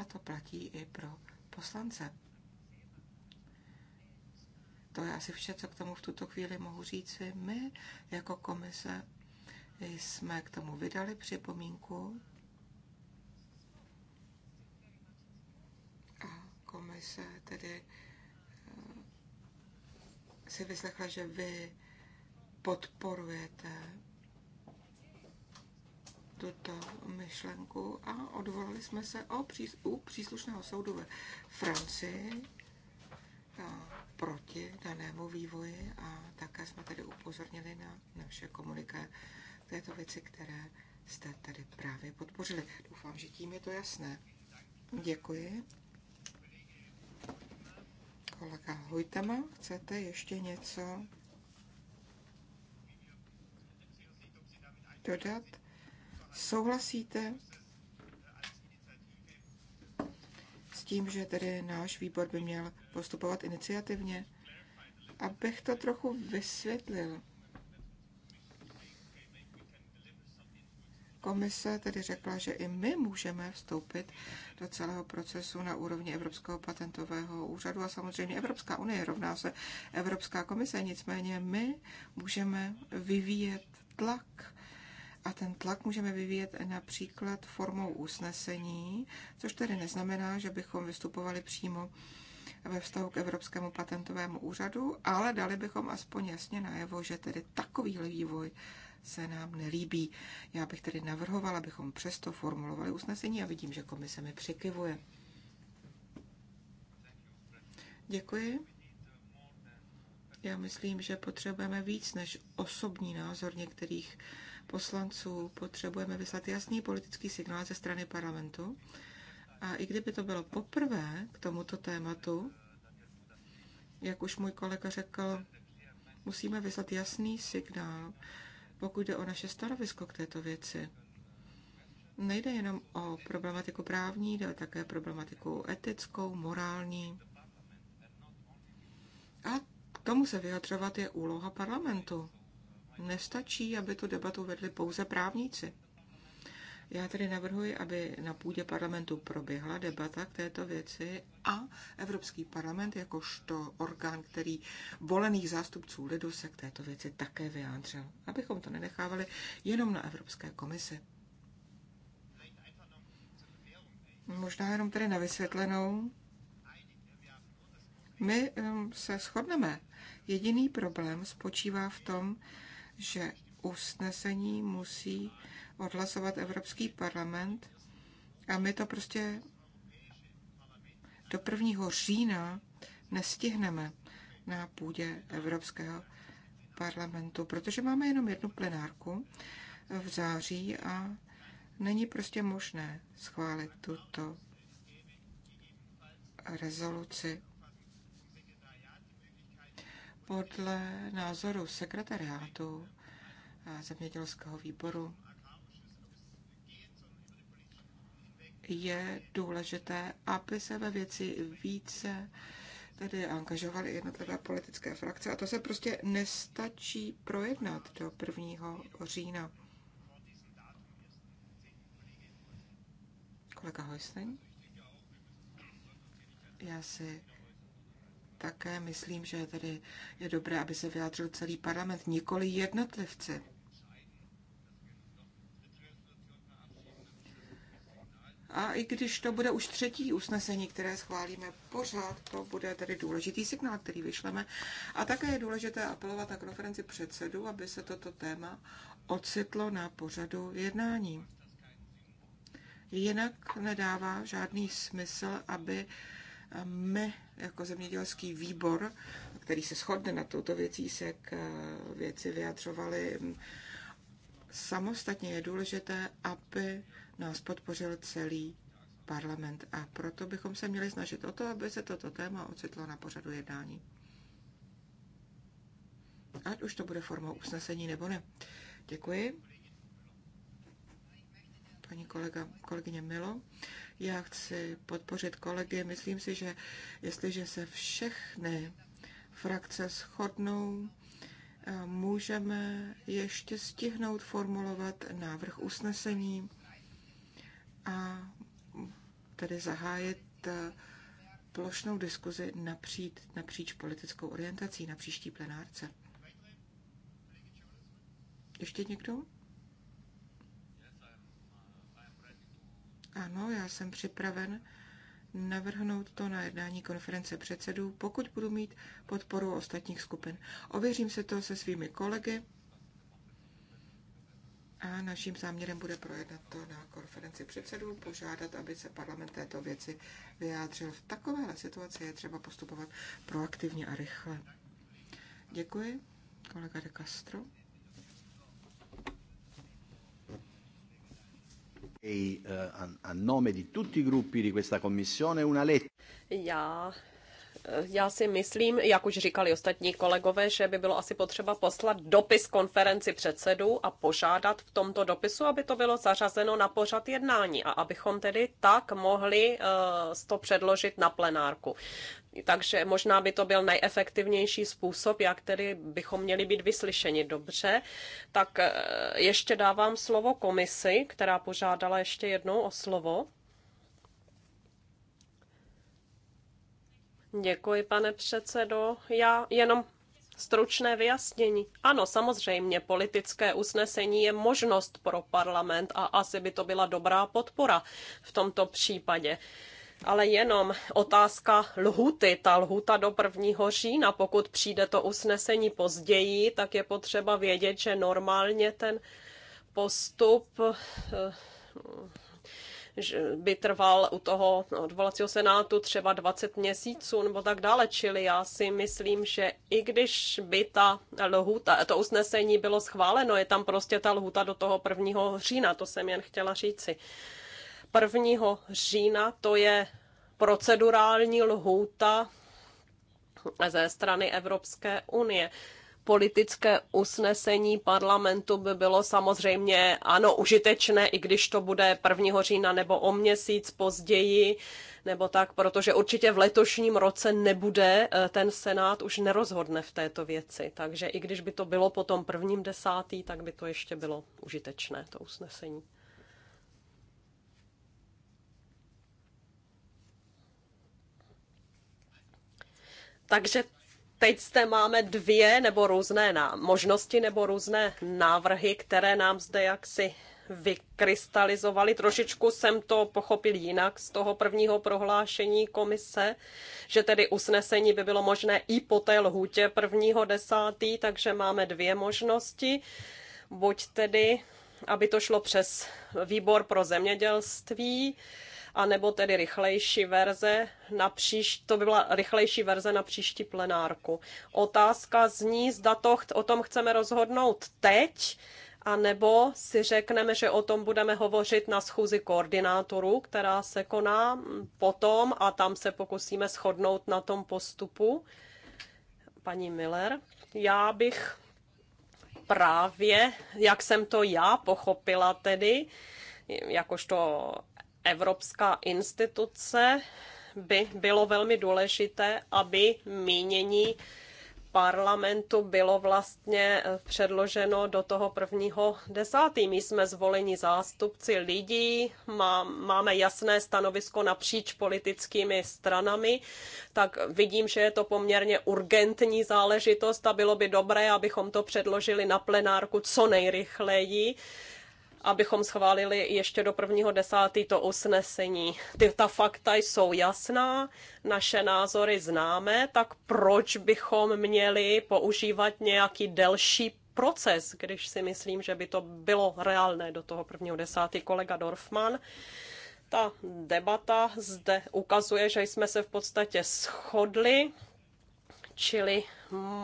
S4: A to platí i pro poslance. To je asi vše, co k tomu v tuto chvíli mohu říci my jako komise jsme k tomu vydali připomínku a komise tedy eh, si vyslechla, že vy podporujete tuto myšlenku a odvolali jsme se o přís- u příslušného soudu ve Francii a eh, proti danému vývoji a také jsme tedy upozornili na naše komuniké této věci, které jste tady právě podpořili. Doufám, že tím je to jasné. Děkuji. Kolega Hojtama, chcete ještě něco dodat? Souhlasíte s tím, že tedy náš výbor by měl postupovat iniciativně? Abych to trochu vysvětlil. Komise tedy řekla, že i my můžeme vstoupit do celého procesu na úrovni Evropského patentového úřadu a samozřejmě Evropská unie rovná se Evropská komise, nicméně my můžeme vyvíjet tlak a ten tlak můžeme vyvíjet například formou usnesení, což tedy neznamená, že bychom vystupovali přímo ve vztahu k Evropskému patentovému úřadu, ale dali bychom aspoň jasně najevo, že tedy takovýhle vývoj se nám nelíbí. Já bych tedy navrhovala, abychom přesto formulovali usnesení a vidím, že komise mi přikivuje. Děkuji. Já myslím, že potřebujeme víc než osobní názor některých poslanců. Potřebujeme vyslat jasný politický signál ze strany parlamentu. A i kdyby to bylo poprvé k tomuto tématu, jak už můj kolega řekl, musíme vyslat jasný signál, pokud jde o naše stanovisko k této věci. Nejde jenom o problematiku právní, jde také problematiku etickou, morální. A k tomu se vyjadřovat je úloha parlamentu. Nestačí, aby tu debatu vedli pouze právníci. Já tedy navrhuji, aby na půdě parlamentu proběhla debata k této věci a Evropský parlament jakožto orgán, který volených zástupců lidu se k této věci také vyjádřil. Abychom to nenechávali jenom na Evropské komisi. Možná jenom tedy na vysvětlenou. My um, se shodneme. Jediný problém spočívá v tom, že usnesení musí odhlasovat Evropský parlament a my to prostě do 1. října nestihneme na půdě Evropského parlamentu, protože máme jenom jednu plenárku v září a není prostě možné schválit tuto rezoluci. Podle názoru sekretariátu zemědělského výboru je důležité, aby se ve věci více tedy angažovaly jednotlivé politické frakce a to se prostě nestačí projednat do 1. října. Kolega Hojsteň? Já si také myslím, že tady je dobré, aby se vyjádřil celý parlament, nikoli jednotlivci. A i když to bude už třetí usnesení, které schválíme pořád, to bude tedy důležitý signál, který vyšleme. A také je důležité apelovat na konferenci předsedu, aby se toto téma ocitlo na pořadu jednání. Jinak nedává žádný smysl, aby eh, my jako zemědělský výbor, který se shodne na touto věcí, se k eh, věci vyjadřovali samostatně. Je důležité, aby nás podpořil celý parlament a proto bychom se měli snažit o to, aby se toto téma ocitlo na pořadu jednání. Ať už to bude formou usnesení nebo ne. Děkuji. Paní kolega, kolegyně Milo, já chci podpořit kolegy. Myslím si, že jestliže se všechny frakce shodnou, eh, můžeme ještě stihnout formulovat návrh usnesení tedy zahájit eh, plošnou diskuzi napříč, napříč politickou orientací na příští plenárce. Ještě někdo? Ano, já jsem připraven navrhnout to na jednání konference předsedů, pokud budu mít podporu ostatních skupin. Ověřím se to se svými kolegy a naším záměrem bude projednat to na konferenci předsedů, požádat, aby se parlament této věci vyjádřil. V takovéhle situaci je třeba postupovat proaktivně a rychle. Děkuji, kolega de Castro.
S3: Eh, a, nome di tutti i gruppi di questa commissione una lettera.
S2: Yeah já si myslím, jak už říkali ostatní kolegové, že by bylo asi potřeba poslat dopis konferenci předsedů a požádat v tomto dopisu, aby to bylo zařazeno na pořad jednání a abychom tedy tak mohli eh, to předložit na plenárku. Takže možná by to byl nejefektivnější způsob, jak tedy bychom měli být vyslyšeni dobře. Tak eh, ještě dávám slovo komisi, která požádala ještě jednou o slovo. Děkuji, pane předsedo. Já jenom Stručné vyjasnění. Ano, samozřejmě, politické usnesení je možnost pro parlament a asi by to byla dobrá podpora v tomto případě. Ale jenom otázka lhuty, ta lhuta do 1. října, pokud přijde to usnesení později, tak je potřeba vědět, že normálně ten postup eh, by trval u toho odvolacího senátu třeba 20 měsíců nebo tak dále. Čili já si myslím, že i když by ta lhuta, to usnesení bylo schváleno, je tam prostě ta lhuta do toho 1. října, to jsem jen chtěla říci. 1. října to je procedurální lhuta ze strany Evropské unie politické usnesení parlamentu by bylo samozřejmě, ano, užitečné, i když to bude 1. října nebo o měsíc později, nebo tak, protože určitě v letošním roce nebude, eh, ten Senát už nerozhodne v této věci. Takže i když by to bylo potom prvním desátý, tak by to ještě bylo užitečné, to usnesení. Takže teď zde máme dvě nebo různé možnosti nebo různé návrhy, které nám zde jaksi vykrystalizovali. Trošičku jsem to pochopil jinak z toho prvního prohlášení komise, že tedy usnesení by bylo možné i po té lhůtě prvního desátý, takže máme dvě možnosti. Buď tedy, aby to šlo přes výbor pro zemědělství, anebo tedy rychlejší verze na příš, to by byla rychlejší verze na příští plenárku. Otázka zní, zda to, o tom chceme rozhodnout teď, a nebo si řekneme, že o tom budeme hovořit na schůzi koordinátorů, která se koná potom a tam se pokusíme shodnout na tom postupu. Paní Miller, já bych právě, jak jsem to já pochopila tedy, jakožto evropská instituce by bylo velmi důležité, aby mínění parlamentu bylo vlastně eh, předloženo do toho prvního desátý. My jsme zvoleni zástupci lidí, máme jasné stanovisko napříč politickými stranami, tak vidím, že je to poměrně urgentní záležitost a bylo by dobré, abychom to předložili na plenárku co nejrychleji abychom schválili ještě do prvního desátý to usnesení. Ty, ta fakta jsou jasná, naše názory známe, tak proč bychom měli používat nějaký delší proces, když si myslím, že by to bylo reálné do toho prvního desátý kolega Dorfman ta debata zde ukazuje, že jsme se v podstatě shodli Čili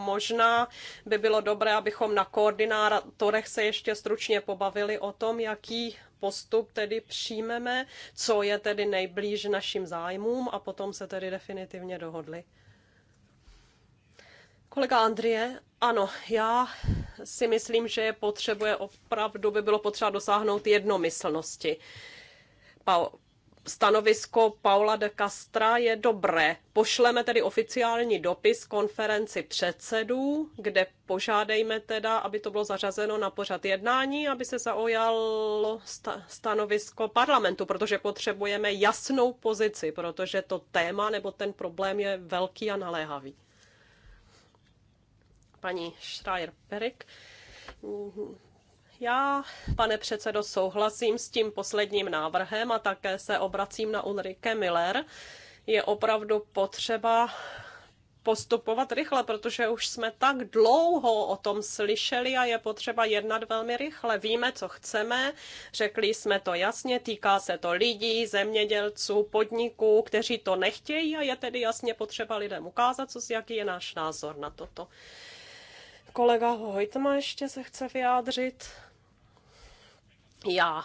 S2: možná by bylo dobré, abychom na koordinátorech se ještě stručně pobavili o tom, jaký postup tedy přijmeme, co je tedy nejblíž našim zájmům a potom se tedy definitivně dohodli. Kolega Andrie, ano, já si myslím, že je potřebuje opravdu, by bylo potřeba dosáhnout jednomyslnosti. Pa, stanovisko Paula de Castra je dobré. Pošleme tedy oficiální dopis konferenci předsedů, kde požádejme teda, aby to bylo zařazeno na pořad jednání, aby se zaujalo stanovisko parlamentu, protože potřebujeme jasnou pozici, protože to téma nebo ten problém je velký a naléhavý. Paní Schreier-Perik. Já, pane předsedo, souhlasím s tím posledním návrhem a také se obracím na Ulrike Miller. Je opravdu potřeba postupovat rychle, protože už jsme tak dlouho o tom slyšeli a je potřeba jednat velmi rychle. Víme, co chceme, řekli jsme to jasně, týká se to lidí, zemědělců, podniků, kteří to nechtějí a je tedy jasně potřeba lidem ukázat, co, jaký je náš názor na toto. Kolega Hojtma ještě se chce vyjádřit. Já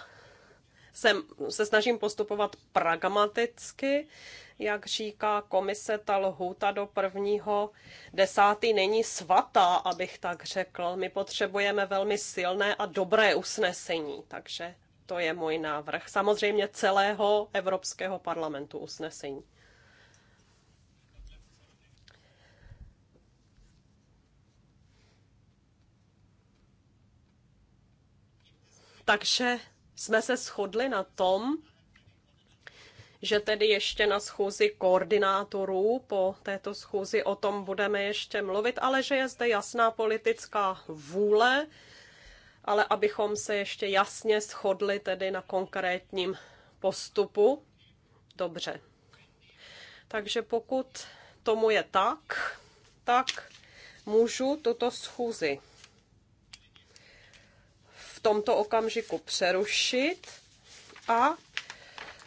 S2: jsem, se snažím postupovat pragmaticky, jak říká komise, ta lhůta do prvního desátý není svatá, abych tak řekl. My potřebujeme velmi silné a dobré usnesení, takže to je můj návrh. Samozřejmě celého Evropského parlamentu usnesení. Takže jsme se shodli na tom, že tedy ještě na schůzi koordinátorů po této schůzi o tom budeme ještě mluvit, ale že je zde jasná politická vůle, ale abychom se ještě jasně shodli tedy na konkrétním postupu. Dobře. Takže pokud tomu je tak, tak můžu tuto schůzi tomto okamžiku přerušit a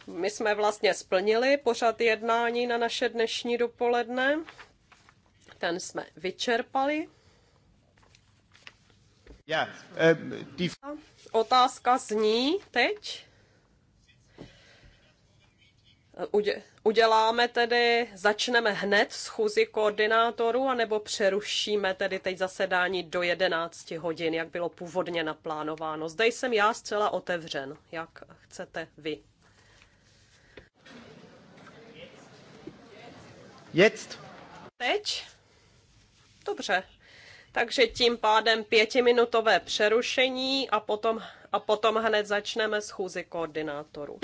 S2: my jsme vlastně splnili pořad jednání na naše dnešní dopoledne. Ten jsme vyčerpali. Yeah, um, Otázka zní teď. Uděl- Uděláme tedy, začneme hned schůzi koordinátorů, anebo přerušíme tedy teď zasedání do 11 hodin, jak bylo původně naplánováno. Zde jsem já zcela otevřen, jak chcete vy. Jetzt. Teď? Dobře. Takže tím pádem pětiminutové přerušení a potom, a potom hned začneme schůzi koordinátorů.